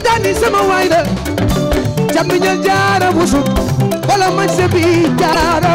tijani sama waay la jàmm ñal jaara busuk wala man se bi jaara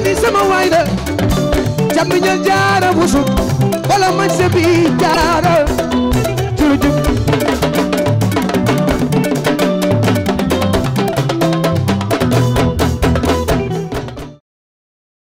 ni sama waay la jàmm ñal jaara busuk wala man se bi jaara